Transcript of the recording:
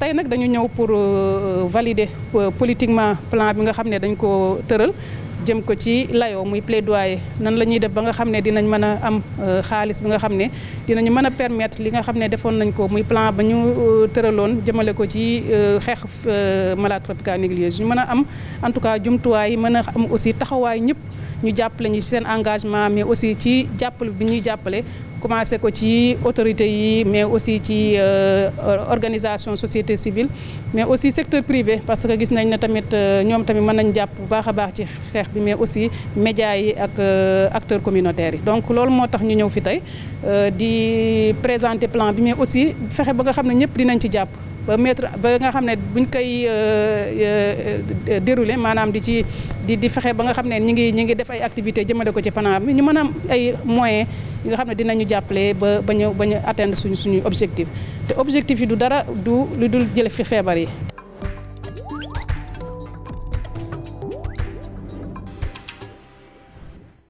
tey nag dañu ñëw pour euh, valider euh, politiquement plan bi nga xam ne dañ ko tëral jëm ko ci layoo muy plaidoyer nan la ñuy def ba nga xam ne dinañ mën a am euh, xaalis bi nga xam ne dinañu mën a permettre li nga xam ne defoon nañ ko muy plan ba ñu euh, tëraloon jëmale ko ci euh, xeex malade tropicale négligée ñu mën a am en tout cas jumtuwaay mën a am aussi taxawaay ñëpp ñu jàppale ñu seen engagement mais aussi ci jàppale bi ñuy jàppale commencé ko ci autorités yi mais aussi ci euh, organisation société civile mais aussi secteur privé parce que gis nañ ne tamit euh, ñoom tamit mën nañ jàpp bu baax a baax ci xeex bi mais aussi médias yi ak euh, acteurs communautaires yi donc loolu moo tax ñu ñëw fi tey di présenter plan bi mais aussi fexe ba nga xam ne ñëpp dinañ ci jàpp ba mettre ba nga xam ne buñ koy euh, euh, euh, dérouler maanaam di ci di di fexe ba nga xam ne ñi ngi ñi ngi def ay activité jëmale ko ci PANAR bi ñu mën ay moyens nga xam ne dinañu jàppale ba ba ñu ba ñu atteindre suñu suñu objectif te objectif yi du dara du lu dul jële fi feebar yi